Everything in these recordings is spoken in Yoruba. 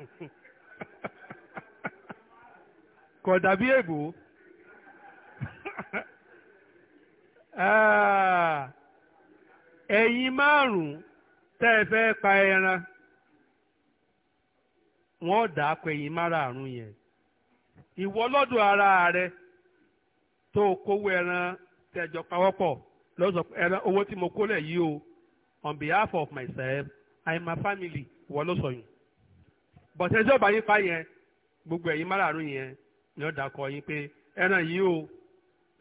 kò dàbí èbó ah. ẹ̀yin márùn-ún tẹ́ ẹ fẹ́ pa ẹran wọ́n dà á pé ẹ̀yin márààrún yẹn ìwọ lọ́dọ̀ ara rẹ tó kówó ẹran tẹ̀jọ pawọ́pọ̀ lọ́sọ̀ ẹran owó tí mo kó lẹ̀ yìí o on behalf of myself and my family ìwọ ló sọ yìí. bọ̀tẹ́ tí ọba yín fa yẹn gbogbo ẹ̀yin márààrún yẹn ni ó kọ yín pé ẹran yìí o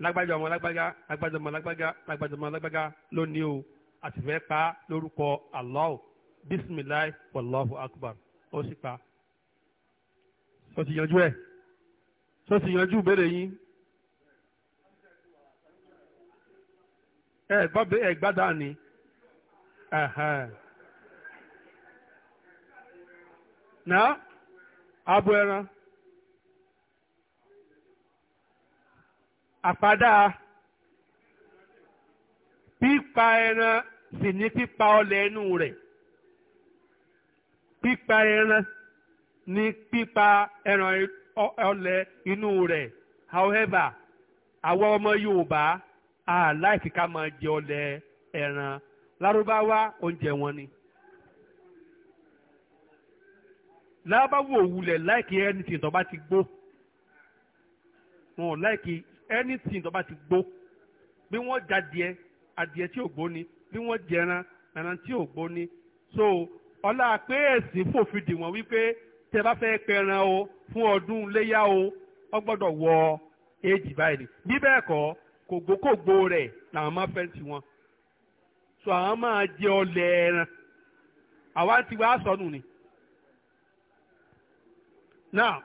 lágbájá ọmọ lágbájá lágbájá ọmọ lágbájá lágbájá ọmọ lágbájá lónìí o àti fẹ́ pa lórúkọ Allah bisimilahi wallahu akbar ó sì pa ó ti yanjú ẹ̀ tó ti yanjú yín. na abo ẹran àpádá pípa ẹran sì ní pípa ọlẹ̀ ẹnu rẹ̀ pípa ẹran ní pípa ẹran ọlẹ̀ inú rẹ̀ however àwọn ọmọ Yorùbá a láìsí ká máa jẹ ọlẹ̀ ẹran Lárúbáwá oúnjẹ wọn ni. lábáwò òwúlẹ̀ láìkí anything tó bá ti gbó wọn ò láìkí anything tó bá ti gbó bí wọ́n jadìẹ adìẹ tí ò gbó ni bí wọ́n jẹran ẹran tí ò gbó ni so ọlá pé ẹ̀sìn fòfin dì wọ́n wípé tẹ bá fẹ́ pẹran o fún ọdún léyà o wọ́n gbọ́dọ̀ wọ éèjì báyìí bí bẹ́ẹ̀ kọ́ kògbókògbó rẹ̀ làwọn máa fẹ́ tiwọn so àwọn máa jẹ ọlẹ̀ ẹran àwa ti wá sọnù ni náà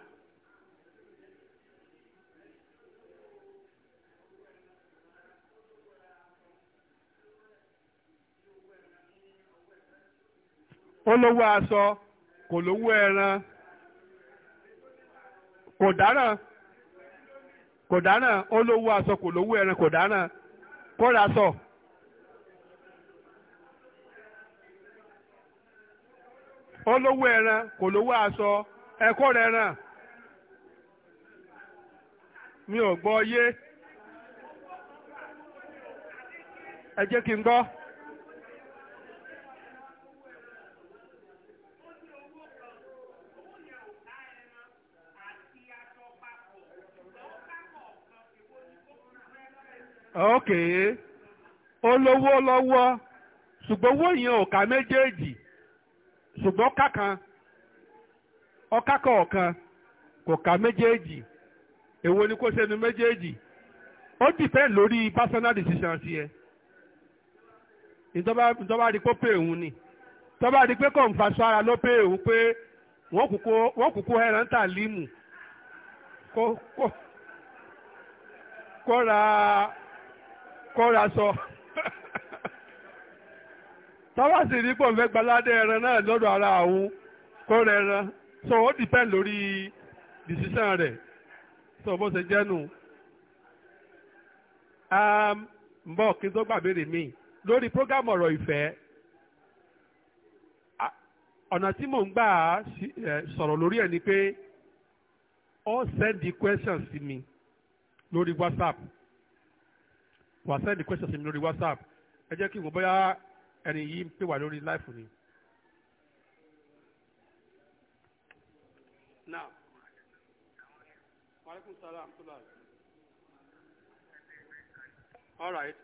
olówó aṣọ kò lówó ẹran kò dáràn kò dáràn olówó aṣọ kò lówó ẹran kò dáràn kó ra olówó ẹran kò lówó aṣọ ẹ̀kọ́ rẹ̀ ràn mi ò gbọ yé ẹ jẹ́ kí n gbọ. okay olówó lọwọ, ṣùgbọ́n owó yẹn ò ká méjèèjì ṣùgbọ́n kákan. ọká kọ̀ọ̀kan kò méjèèjì èwo ni kò sẹ́nu méjèèjì ó dìpẹ́ǹd lórí personal decision tiẹ̀ ìjọba rí pé pé òun ni tọ́ba rí pé kọ̀ǹfà sọ ara ló pé òun pé wọ́n kúkú ẹran tà límù kọ́ra kọ́ra sọ tọ́ba sì rí pé òun fẹ́ gbaládé ẹran náà lọ́dọ̀ ara òun kọ́ra ẹran. so ó depend lórí decision rẹ̀ so bó ṣe jẹ́ nù. Um, mbọ́ kí n tó gbàbéèrè mi lórí program ọ̀rọ̀ ìfẹ́ ọ̀nà tí mò ń gbà sọ̀rọ̀ lórí ẹ̀ ni pé ó send the questions sí mi lórí whatsapp wà send the questions sí mi lórí whatsapp ẹ jẹ́ kí n wò bóyá ẹni yìí ń pè wá lórí live ni. Salam. All right.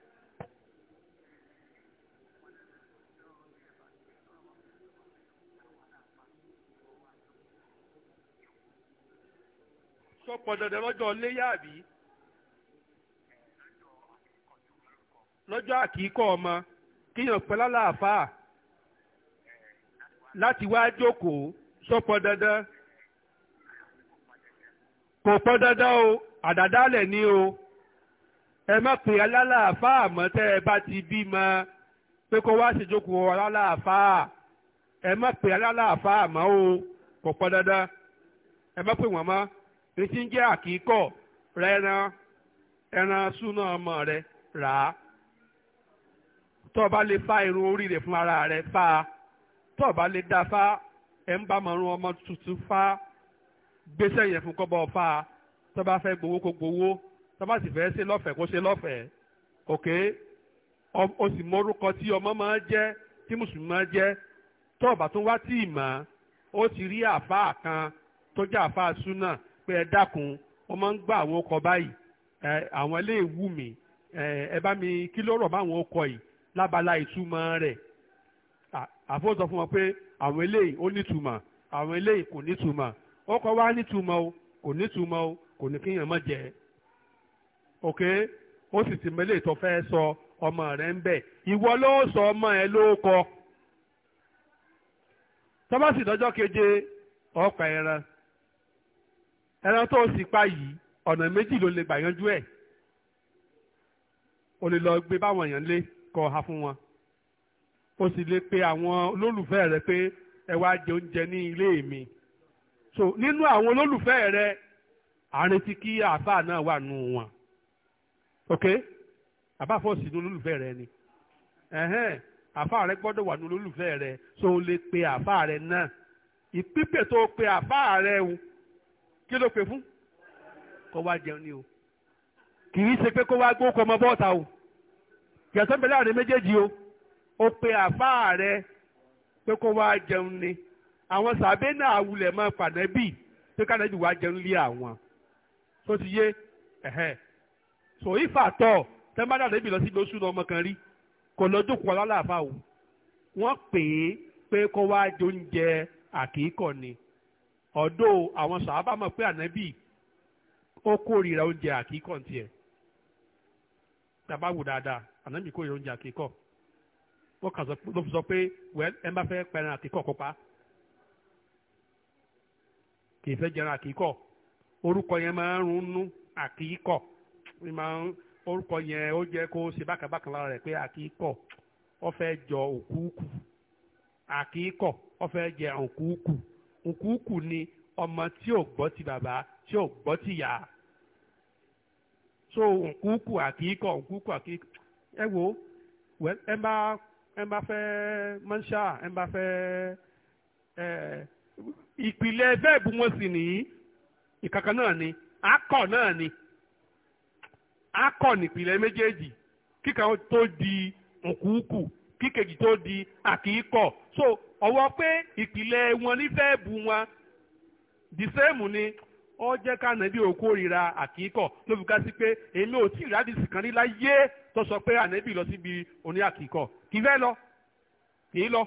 Sọ pọ̀ lọ́jọ́ léyà àbí? Lọ́jọ́ àkíkọ́ ọmọ kíyàn pẹ́ láti wá jókòó sọ kò pọn dandan o àdàdálẹ̀ ni o ẹ má pè alálàáfáà mọ́ tẹ́ ẹ bá ti bímọ pé kó wá ṣèjókòó alálàáfáà ẹ má pè alálàáfáà mọ́ o kò pọn dandan ẹ má pè wọ́n mọ́ etí ń jẹ́ àkíkọ̀ rẹ ẹran ẹran súná ọmọ rẹ rà á tó o lè fa irun orí rẹ̀ fún ara rẹ̀ fa tó o lè dá fa ẹ̀ ń bá mọ̀rún ọmọ tuntun fa. gbèsè yẹn fún kọ́bọ̀ ọ̀fà tó fẹ́ gbowó kó gbowó tó bá sì fẹ́ ṣe lọ́fẹ̀ẹ́ kó ṣe lọ́fẹ̀ẹ́ òkè o sì mọrúkọ tí ọmọ máa jẹ́ tí mùsùlùmí máa jẹ́ tó ọ̀bà tó wá tì ì mọ̀ ó ti rí àáfàá kan tó jẹ́ àáfàá súnà pé ẹ dákun wọ́n máa ń gbọ́ àwọn ọkọ̀ báyìí àwọn eléèwú mi ẹ bá mi kí ló rọ̀ máwọn ọkọ̀ yìí lábala ìtumọ̀ rẹ̀ àfọwọ́sọ fún wọn pé àwọn eléyìí ó nítumọ̀ àwọn eléyìí kò nítumọ̀ ó kọ́ wá nítumọ̀ o kò nítumọ̀ o kò ní kéèyàn má jẹ ok ó sì ti mẹ́lẹ̀ tó fẹ́ sọ ọmọ rẹ̀ ń bẹ̀ ìwọ ló sọ ọmọ ẹ ló kọ tọ́básì lọ́jọ́ keje ọ̀pá ẹran ẹran tó sì pa yìí ọ̀nà méjì ló lè gbà yanjú ẹ̀ o lè lọ gbé báwọn èèyàn lé kọ ha fún wọn o sì lè pe àwọn olólùfẹ́ rẹ pé ẹ wá jẹ oúnjẹ ní ilé mi so nínú àwọn olólùfẹ́ rẹ àrètí kí àáfà náà wà nù wọn ok àbá fọ́ọ̀sì ní olólùfẹ́ rẹ ni ẹ̀hẹ́n àáfà rẹ gbọ́dọ̀ wà nù olólùfẹ́ rẹ so o lè pe àáfà rẹ náà ìpípè tó o pe àáfà rẹ o kí ló pe fún kó wá jẹun ni o kì í ṣe pé kó wá gbókò ọmọ bọ́ọ̀ta o yàtọ̀ ń bẹ láàrin méjèèjì o o pe àáfà rẹ pé kó wá jẹun ni àwọn sàbẹ́ náà wulẹ̀ máa pàdánẹ́bì pé kánẹ́bì wàá jẹun lé àwọn tó ti yé ẹ̀hẹ́ so ifá tọ̀ tẹ́mbàdà lẹ́bì lọ sí lóṣù lọ́mọ kan rí kò lọ́dún kọ́ lálàáfà o wọ́n pè é pé kó wá jẹ oúnjẹ àkíkọ̀ ni ọ̀dọ́ àwọn sàábà mọ̀ pé ànábì ó kórìíra oúnjẹ àkíkọ̀ ní tiẹ̀ tàbá wò dáadáa ànábì kórìíra oúnjẹ àkíkọ̀ wọ́n kàn sọ pé ló ẹ má fẹ́ pẹran àkíkọ̀ kópa kì í fẹ́ jẹran àkíkọ̀ orúkọ yẹn máa ń runú àkíkọ̀ orúkọ yẹn ó jẹ́ kó ṣe bákàbákan lára rẹ̀ pé àkíkọ̀ ó fẹ́ jọ òkúùkù àkíkọ̀ ó fẹ́ jẹ òkúùkù òkúùkù ni ọmọ tí ò gbọ́ ti bàbá tí ò gbọ́ ti yá so òkúùkù àkíkọ̀ òkúùkù àkíkọ̀ ẹ wo ẹ bá ẹ bá fẹ́ mọ́ṣá ẹ bá fẹ́ ẹ ìpìlẹ̀ bẹ́ẹ̀bù wọn sì nìyí ìkankan náà ni akọ náà ni akọ nípìlẹ̀ méjèèjì kíkan tó di nkùkù kíkejì tó di àkíkọ so ọwọ́ pé ìpìlẹ̀ wọn ní bẹ́ẹ̀bù wọn the same ni ó jẹ́ ká ànábì òkú òrìra àkíkọ ló fi ká sí pé èmi ò tí ì rádìsì kan rí láyé tó sọ pé ànábì lọ síbi oní àkíkọ kì í fẹ́ lọ kì í lọ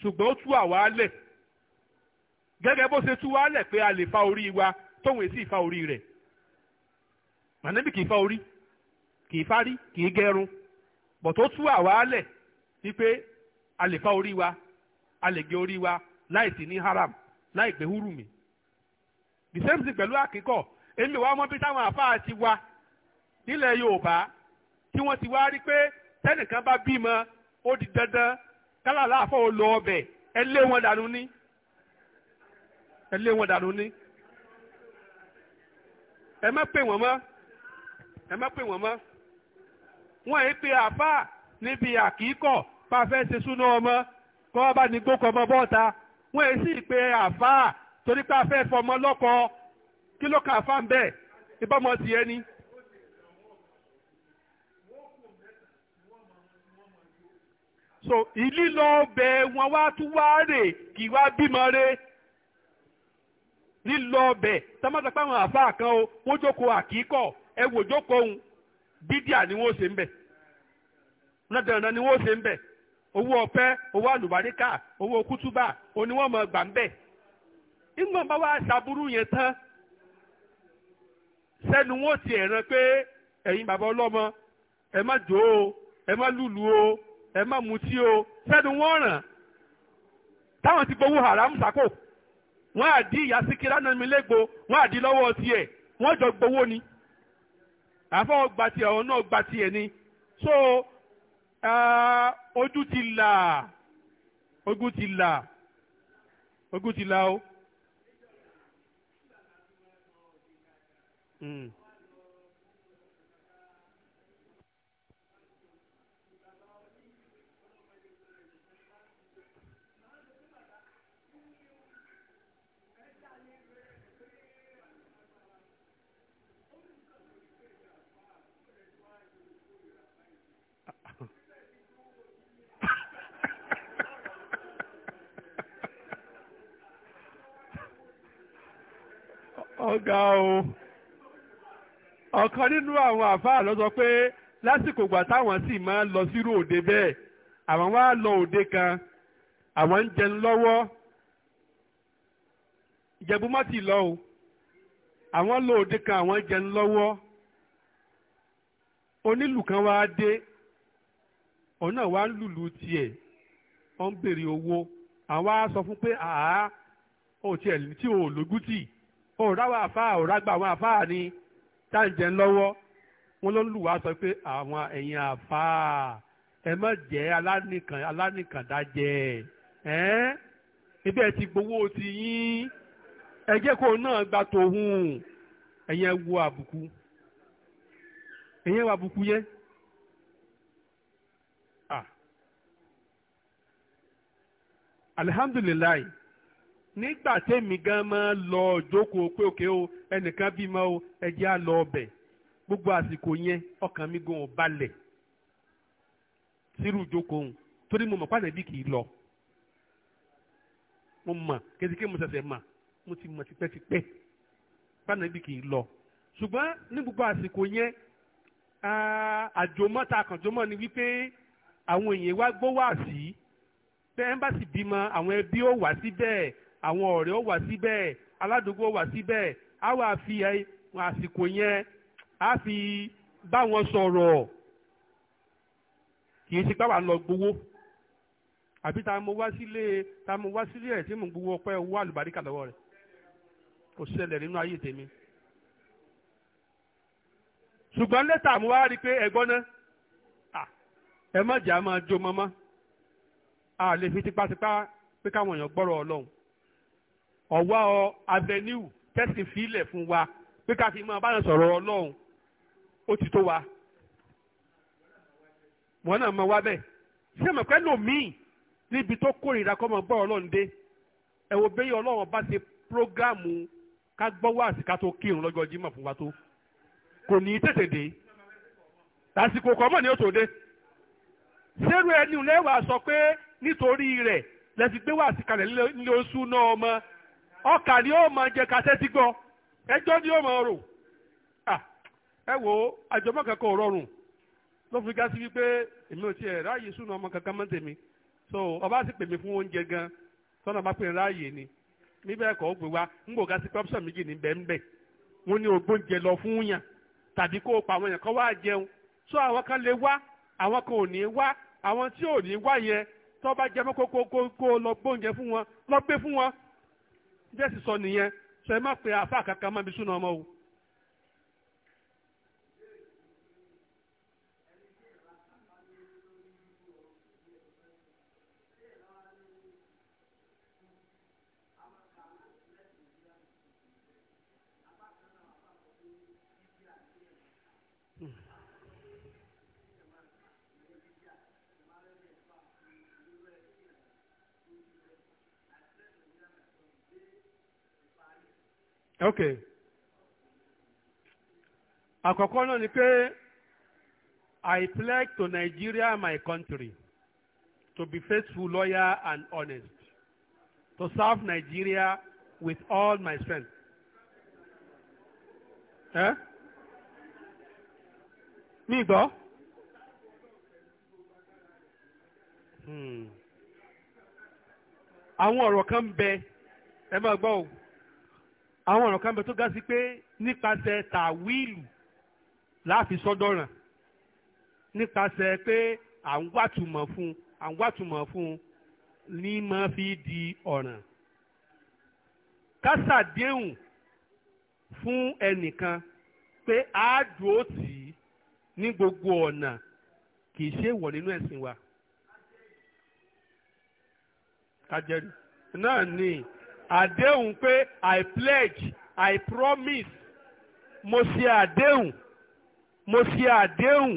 ṣùgbọ́n ó tú àwa lẹ̀ gẹ́gẹ́ bó ṣe tú wá lẹ̀ pé a lè fa orí wa tóun èsì fa orí rẹ̀ mànẹ́bí kì í fa orí kì í fárí kì í gẹrun bọ̀ tú àwa lẹ̀ wípé a lè fa orí wa a lè gé orí wa láì sí ní haram láì gbé húrùmí the same thing pẹ̀lú àkíkọ̀ èmi wàá mọ bí táwọn àfáà ti wá nílẹ̀ Yorùbá tí wọ́n ti wá rí pé tẹ́nìkan bá bímọ ó di dandan kálá láàfọ̀ ò lọ ọbẹ̀ ẹ lé wọn dànù ní ẹ lé wọn dànù ni ẹ má pè wọ́n mọ́ ẹ má pè wọ́n mọ́ wọ́n yìí pe àáfàá níbi àkíkọ̀ bá a fẹ́ ṣe súná ọmọ kọ́ bá ní gbókọ̀ ọmọ bọ́ọ̀ta wọ́n yìí sì pe àáfàá torí pé a fẹ́ fọmọ lọ́kọ kí ló kà fáwọn bẹ́ẹ̀ ìbámu ọtí yẹn ni. so ìlílọ ọbẹ̀ wọn wá tún wá rè kí wá bímọ rè. lílọ ọbẹ tọ́mọ́tọ́ pé àwọn kan o wọ́n jókòó àkíkọ̀ ẹ wò jókòó ni wọ́n ṣe ń bẹ̀ ni wọ́n ṣe ń bẹ̀ owó ọpẹ́ owó àlùbáríkà owó kútúbà òní gbà ń ṣàbúrú yẹn tán sẹ́nu ti pé ẹ̀yin bàbá ọlọ́mọ o ẹ má o ẹ má mutí sẹ́nu ti gbowó haram sako. wọ́n á di ìyá síkírá náà mi légbò wọ́n á di lọ́wọ́ tiẹ̀ wọ́n jọ gbowó ni àfọwọ́ gba tiẹ̀ ọ̀hún náà gba tiẹ̀ ni so ojú ti là ojú ti là ojú ti là o. Hmm. ó ga o ọ̀kan nínú àwọn àfáà lọ sọ pé lásìkò ìgbà táwọn sì máa ń lọ sírú òde bẹ́ẹ̀ àwọn wá lọ òde kan àwọn ń jẹun lọ́wọ́ ìjẹ̀bú má ti lọ o àwọn lọ òde kan àwọn ń jẹun lọ́wọ́ onílù kan wá dé òun náà wá ń lùlù tiẹ̀ ó ń owó àwọn á sọ fún pé àá ó tiẹ̀ tí ò lógútì òráwà àfáà òrágbà àwọn àfáà ni táǹjẹ̀ ń lọ́wọ́ wọn ló lù wá sọ pé àwọn ẹ̀yin àfáà ẹ má jẹ́ alánìkàn alánìkàndájẹ́ ẹ́ ibi ẹ̀ ti gbowó ti yín ẹ jẹ́ kó náà gba tòun ẹ̀yin ẹ wo àbùkù ẹ̀yin ẹ wo àbùkù yẹn. Ah. alhamdulilayi nígbà tẹ́mi gan máa lọ jókòó pé òkè o ẹnìkan bímọ o ẹjẹ́ á lọ ọbẹ̀ gbogbo àsìkò yẹn ọkàn mi gan ò balẹ̀ sírù jókòó òun torí mo mọ̀ pàdé bí kì í lọ mo mọ̀ kékeré mo ṣẹ̀ṣẹ̀ mọ̀ mo ti mọ̀ tipẹ́tipẹ́ pàdé bí kì í lọ ṣùgbọ́n ní gbogbo àsìkò yẹn àjòmọ́ àkànjọ́mọ́ ni wípé àwọn èèyàn wá gbọ́ wá sí bẹ́ẹ̀ ń bá sì bímọ àwọn ẹbí ó wá síbẹ̀ àwọn ọ̀rẹ́ ó wà síbẹ̀ aládùúgbò wà síbẹ̀ á wà fi àsìkò yẹn á fi bá wọn sọ̀rọ̀ kì í ṣe pàwọn lọ gbowó àbí ta mo wá sílé ta mo wá sílé ẹ̀ tí mo gbowó ọpẹ́ owó àlùbáríkà lọ́wọ́ rẹ̀ kò ṣẹlẹ̀ nínú ayé tèmi ṣùgbọ́n lẹ́tà mo wá rí i pé ẹ̀gbọ́n náà ẹ má a lè fi tipátipá pé káwọn èèyàn gbọ́rọ̀ ọlọ́run ọ̀wá ọ avenue tẹ́sí fílẹ̀ fún wa pé ká fi máa bá yẹn sọ̀rọ̀ ọlọ́run ó ti tó wa wọn náà máa wá bẹ́ẹ̀ ṣé mọ̀ pé lòmíì níbi tó kórìíra kọ́ máa gbọ́ ọlọ́run dé ẹ wo bẹ́yẹ ọlọ́run bá ṣe prógáàmù ká gbọ́ wáàsí ká tó kírun lọ́jọ́ jímọ̀ fún wa tó kò ní í tètè dé lásìkò kọ́mọ̀ ni ó tó dé sẹ́rù ẹni lẹ́wàá sọ pé nítorí rẹ̀ lẹ́sìn gbé wáàsí kalẹ̀ nílé oṣù náà ọmọ ọkà ni ó máa jẹ kásẹ́tì gbọ́ ẹjọ́ ni ó máa rò ẹ wo àjọmọ́ kankan ò rọrùn ló fi gá wípé èmi ò tiẹ̀ ráàyè súnà ọmọ kankan mọ́ tèmi so ọba sì pè fún oúnjẹ gan sọ́nà bá pè ráàyè ni níbẹ̀ ó gbé wa ń gbò méjì ní bẹ́ẹ̀nbẹ́ lọ fún yàn tàbí kó o pa àwọn yàn kọ́ wá jẹun so àwọn kan lè wá àwọn kan ò ní wá àwọn tí ò jẹ jẹ́sì sọ nìyẹn sọ ẹ má pe afa kankan má bí súnà ọmọ o. ok àkọ́kọ́ náà ni pé I pledge to Nigeria my country to be faithful lawyer and honest to serve Nigeria with all my strength. Eh? mi gbọ́. Hmm. àwọn ọ̀rọ̀ kan bẹ ẹ máa gbọ́ o àwọn ọ̀rọ̀ kan bẹ tó ga sí pé nípasẹ̀ tàwíìlù láàfin sọ́dọ̀ràn nípasẹ̀ pé à ń wàtúmọ̀ fún à ń wàtúmọ̀ fún ní máa fi di ọ̀ràn kásàdéhùn fún ẹnìkan pé àádùn tì í ní gbogbo ọ̀nà kì í ṣe wọ̀ nínú ẹ̀sìn wa kájẹ́rì náà ni àdéhùn pé i pledge i promise mo ṣe àdéhùn mo ṣe àdéhùn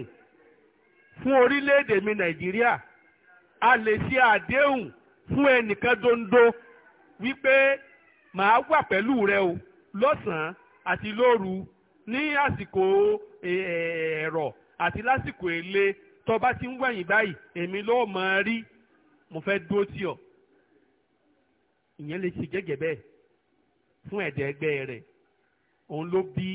fún orílẹ̀-èdè mi nàìjíríà a lè ṣe àdéhùn fún ẹnìkan dondo wípé màá wà pẹ̀lú rẹ o lọ́sàn-án àti lóru ní àsìkò e, ẹ̀rọ̀ àti lásìkò èlé tó bá ti ń wẹ̀yìn báyìí èmi ló máa rí mo fẹ́ dúró tì ọ́ ìyẹn lè ṣe gẹ́gẹ́ bẹ́ẹ̀ fún ẹ̀dẹ̀ ẹgbẹ́ rẹ̀ òun ló bí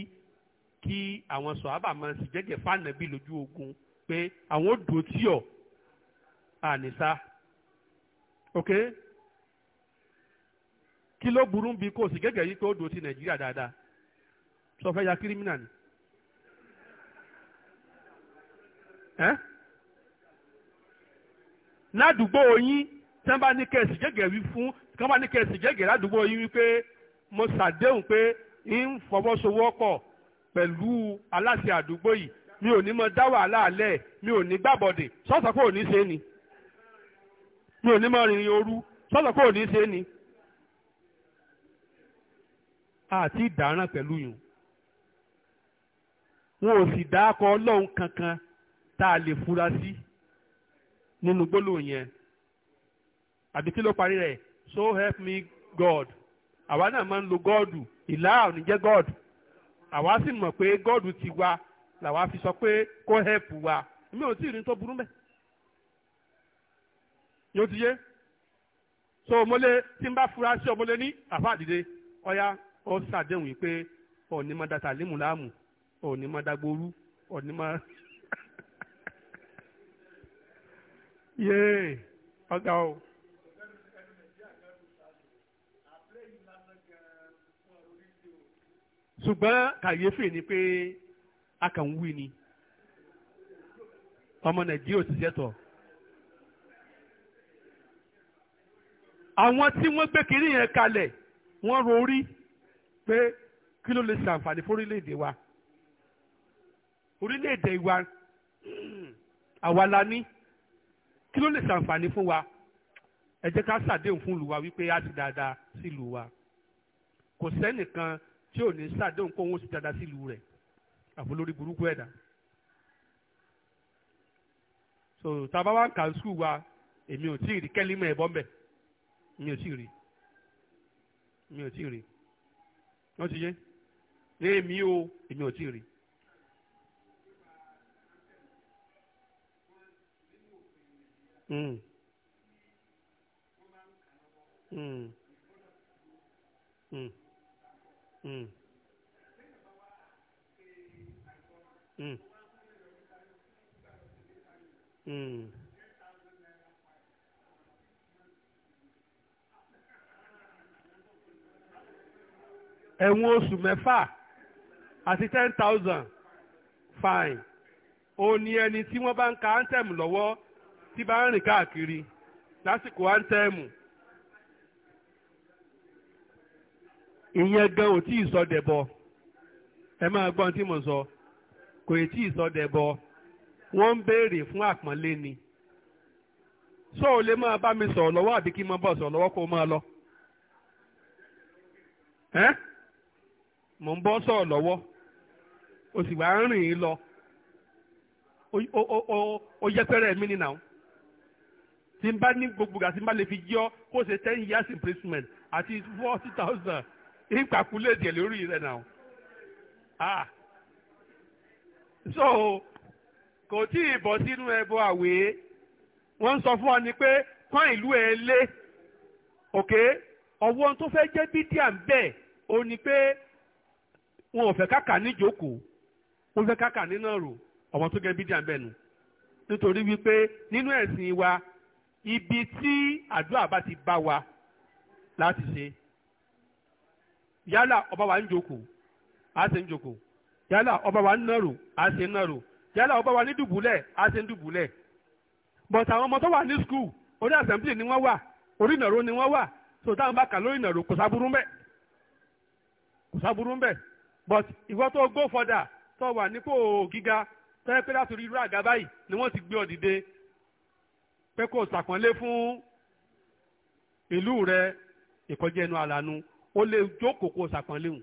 kí àwọn sọ̀hábà máa ṣe gẹ́gẹ́ fànàbí lójú ogun pé àwọn ò dùn tí ọ̀ ànísá ok kí ló burú bí kò sí gẹ́gẹ́ yìí pé ó ti nàìjíríà dáadáa sọ fẹ́ ya kírímìnà ni. Eh? ládùúgbò yín tí wọ́n bá ní kẹ́sì gẹ́gẹ́ wí fún kán bá ní kẹsì gẹ́gẹ́ ládùúgbò yín wípé mo ṣàdéhùn pé ń fọwọ́sowọ́pọ̀ pẹ̀lú aláṣẹ àdúgbò yìí mi ò ní mọ dá wàhálà alẹ́ mi ò ní gbàbọ̀dè sọ́sọ́ pé ní ṣe ni mi ò ní mọ rìnrìn òru sọ́sọ́ pé ní ṣe ni àti ìdáràn pẹ̀lú yùn wọn ò sì dákọ ọlọ́run kankan tá a lè fura sí nínú gbólóhùn yẹn àbí kí ló parí rẹ̀ so help me God àwa náà máa ń lo gọ́ọ̀dù ìlà ò ní jẹ́ gọ́ọ̀dù àwa sì mọ̀ pé gọ́ọ̀dù ti wa làwa fi sọ pé kó help wa mi ò tí ì rí tó burú mẹ́ yóò ti yé so mo lé tí n bá fura sí ọ mo lé ní àfa àdìde ọya ó ṣàdéhùn yìí pé òní máa dàtà límù láàmù òní máa dàgbòrú òní máa yéé ọgá o. ṣùgbọ́n kàyéfì ni pé a kàn ń wí ni ọmọ nàìjíríà ti jẹ́tọ̀. àwọn tí wọ́n gbé kiri yẹn kalẹ̀ wọ́n rorí pé kí ló lè ṣàǹfààní fún orílẹ̀-èdè wa orílẹ̀-èdè wa àwa la ní kí ló lè ṣàǹfààní fún wa ẹ jẹ́ ká ṣàdéhùn fún ìlú wípé a ti dáadáa sí ìlú kò sẹ́nìkan tí ò ní sàdéhùn kó wọn sì dada sílùú rẹ̀ àbólórí burúkú ẹ̀dá so tàbá wà ń kà skul wa èmi ò tí ì rí kẹ́límọ̀ ẹ̀bọ́ mbẹ̀ mi ò tí ì rí mi ò tí ì rí wọ́n ti yé èmi o èmi ò tí ì rí. Mm. Mm. Mm. Mm. Mm. Mm. ẹ̀wọ̀n oṣù mẹ́fà ten thousand fine ó ẹni tí wọ́n bá ka anthem lọ́wọ́ ti bá ń rìn lásìkò anthem. ìyẹn gan ò tí ì sọ dẹ̀bọ ẹ máa gbọ́n tí mo sọ kò ì tí ì sọ dẹ̀bọ wọ́n ń béèrè fún àpọ́nlé ni sọ ò lè máa bá mi sọ̀rọ̀ lọ́wọ́ àbí kí n máa bọ̀ sọ̀rọ̀ lọ́wọ́ kó máa lọ. ẹ́ mò ń bọ́ sọ̀rọ̀ lọ́wọ́ o sì wá ń rìn ín lọ o yẹpẹrẹ mi nìyàwó tí n bá ní gbogbo gà tí n bá lè fi yọ ọ kó o ṣe ten years imprisonment àti forty thousand ìgbàkulè jẹ lórí rẹ náà ah so kò tí ì bọ́ sínú ẹbọ àwé wọ́n sọ fún ọ ni pé kán ìlú ẹ lé òkè ọwọ́ tó fẹ́ jẹ́ bídíà ń bẹ̀ ó ní pé wọn ò fẹ́ káka níjókòó wọn fẹ́ káka nínà rò ọmọ tó gẹ́ bídíà ń nù nítorí wípé nínú ẹ̀sìn wa ibi tí àdúrà bá ti bá wa láti ṣe yálà ọba wa ń jókòó a ṣe ń jókòó yálà ọba wa ń nàró a ṣe ń nàró yálà ọba wa ní dùbúlẹ̀ a ṣe ń dùbúlẹ̀ but àwọn ọmọ tó wà ní skul orí assembly ni wọ́n wà orí ìnàró ni wọ́n wà so táwọn bá kà lórí ìnàró kò sáburú mbẹ̀ kò sáburú mbẹ̀ but ìwọ tó go further tó wà nípò gíga tẹ́lẹ̀ pé láti rí irú àga báyìí ni wọ́n ti gbé ọ dìde pé kò sàpọ́nlé fún ìlú rẹ ìkọjá àlànà o lè jókòó kó o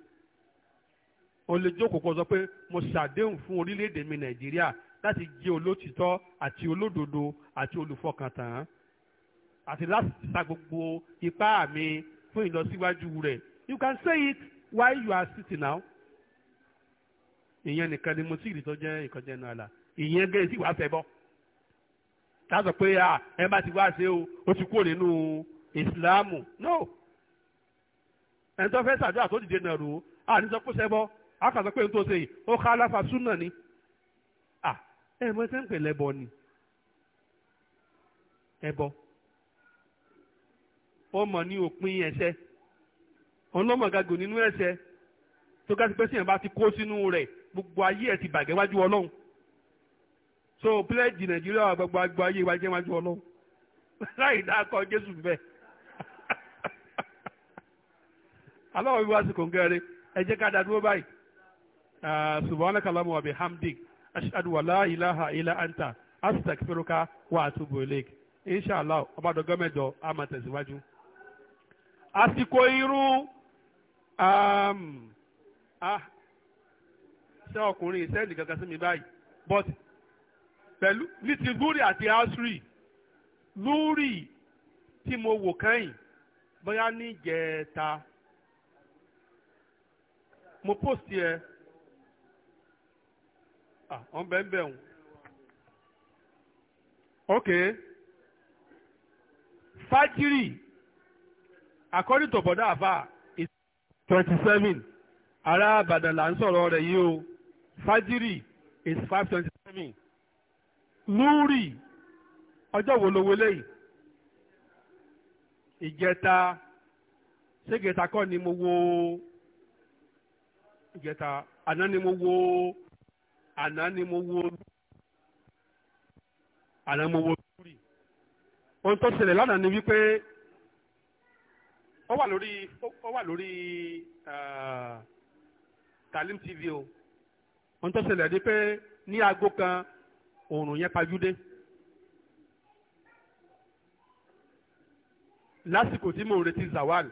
o lè jókòó kó sọ pé mo ṣàdéhùn fún orílẹ̀-èdè mi nàìjíríà láti jẹ́ olótìtọ́ àti olódodo àti olùfọkàntán àti láti ta gbogbo ipá mi fún ìlọsíwájú rẹ̀ you can say it while you are sitting now ìyẹn nìkan ni mo sì rí tó jẹ́ ìkọjẹ́ inú àlà ìyẹn gẹ́gẹ́ sì wá fẹ́ bọ́ ká sọ pé ẹ bá ti wá ṣe o ó ti kúrò nínú ìsìláàmù no ẹni tó fẹ́ sàdúrà tó dìde nàró à ní sọ pé sẹ́bọ́ a kà sọ pé n tó ṣe yìí ó ká aláfa súnà ni à ẹ mọ ẹsẹ̀ ń pè lẹ́bọ ni ẹbọ ó mọ̀ ní òpin ẹ̀ṣẹ̀ ọlọ́mọ̀gágò nínú ẹ̀ṣẹ̀ tó gá sí pé sèyàn bá ti kó sínú rẹ̀ gbogbo ayé ẹ̀ ti bàjẹ́ wájú ọlọ́run so pílẹ̀jì nàìjíríà gbogbo ayé wájú ọlọ́run láì dákọ̀ jésù bẹ́ẹ̀. aláwọ̀ wíwá sí kòǹgẹ́rẹ́ ẹ jẹ́ ká dàdúró báyìí subhanaka allahumma wa bihamdik ashhadu wa la ilaha illa anta astaghfiruka wa atubu ilaik inshallah ọba dọgọmẹjọ a máa tẹ̀síwájú. àsìkò irú um, ah, ṣé ọkùnrin ìṣẹ́ni kankan sí mi báyìí but pẹ̀lú ní ti lúrì àti asri lúrì tí mo wò kẹ́yìn bóyá ní ìjẹta mo post yẹ ah ọ̀n bẹ́ẹ̀ bẹ́ẹ̀ ń ok fajiri according to bọ̀dá àbá is twenty seven ará àbàdàn là ń sọ̀rọ̀ o fajiri is five twenty seven lúrì ọjọ́ wo ló wọlé yìí ìjẹta ṣégeta ni mo wo ìjẹta àná ni mo wo àná ni mo wo àná mo wo lórí ohun tó ṣẹlẹ̀ lánàá ni wípé ó wà lórí ó wà lórí Talim uh, TV o ohun tó ṣẹlẹ̀ ni pé ní aago kan oòrùn yẹn pajúdé. lásìkò tí mò retí zawal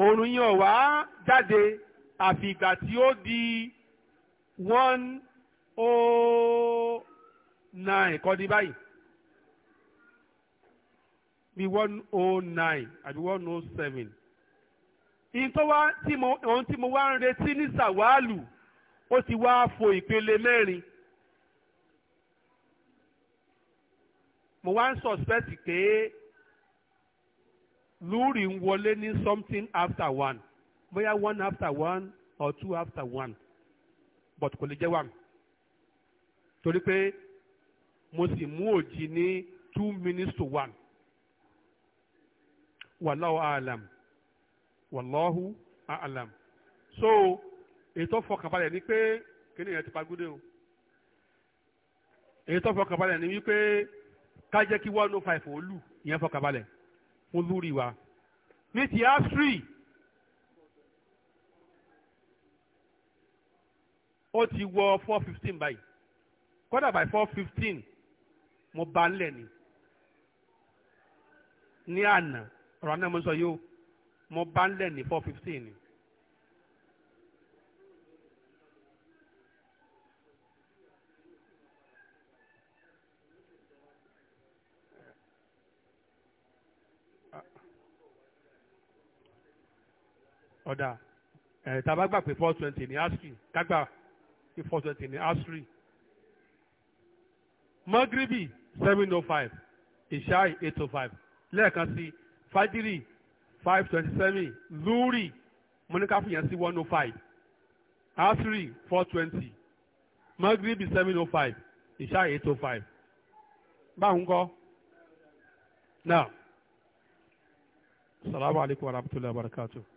oòrùn yẹn ò wá jáde àfìgbà tí ó di one oh nine kọ́ di báyìí bí one oh nine àbí one oh seven ohun tí mo wá ń retí ní sàwálù ó ti wá fo ìpele mẹ́rin. mo wá ń suspect pé lúrì ń wọlé ní something after one bóyá one after one or two after one but kò lè jẹ́ one torí pé mo sì mú òjì ní two minutes to one wallahu alam wallahu alam so ètò fọkànbalẹ̀ ni pé kíni yẹn ti pagúdé o ètò fọkànbalẹ̀ ni wípé ká jẹ́ kí one oh five ó lù ìyẹn fọkànbalẹ̀ fún lúrí wa ní ti afri. ó ti wọ four fifteen báyìí kódà by four fifteen mo bá ń ni ní àná ọ̀rọ̀ àná mo sọ yìí ó mo bá ń lẹ̀ four fifteen ni. ọ̀dà ẹ̀ tá gbà pé four twenty Ni asking kágbà ìfọ̀sẹ̀tì ní asri magribi seven oh five ìṣáì eight oh five lẹ́ẹ̀kan sí fajiri five twenty seven lúrì mọ́níkàfù yẹn sí one oh five asri four twenty magribi seven oh five ìṣáì eight oh five báwọn kọ́ náà salamu alaykum wa rahmatulahi wa barakatuh.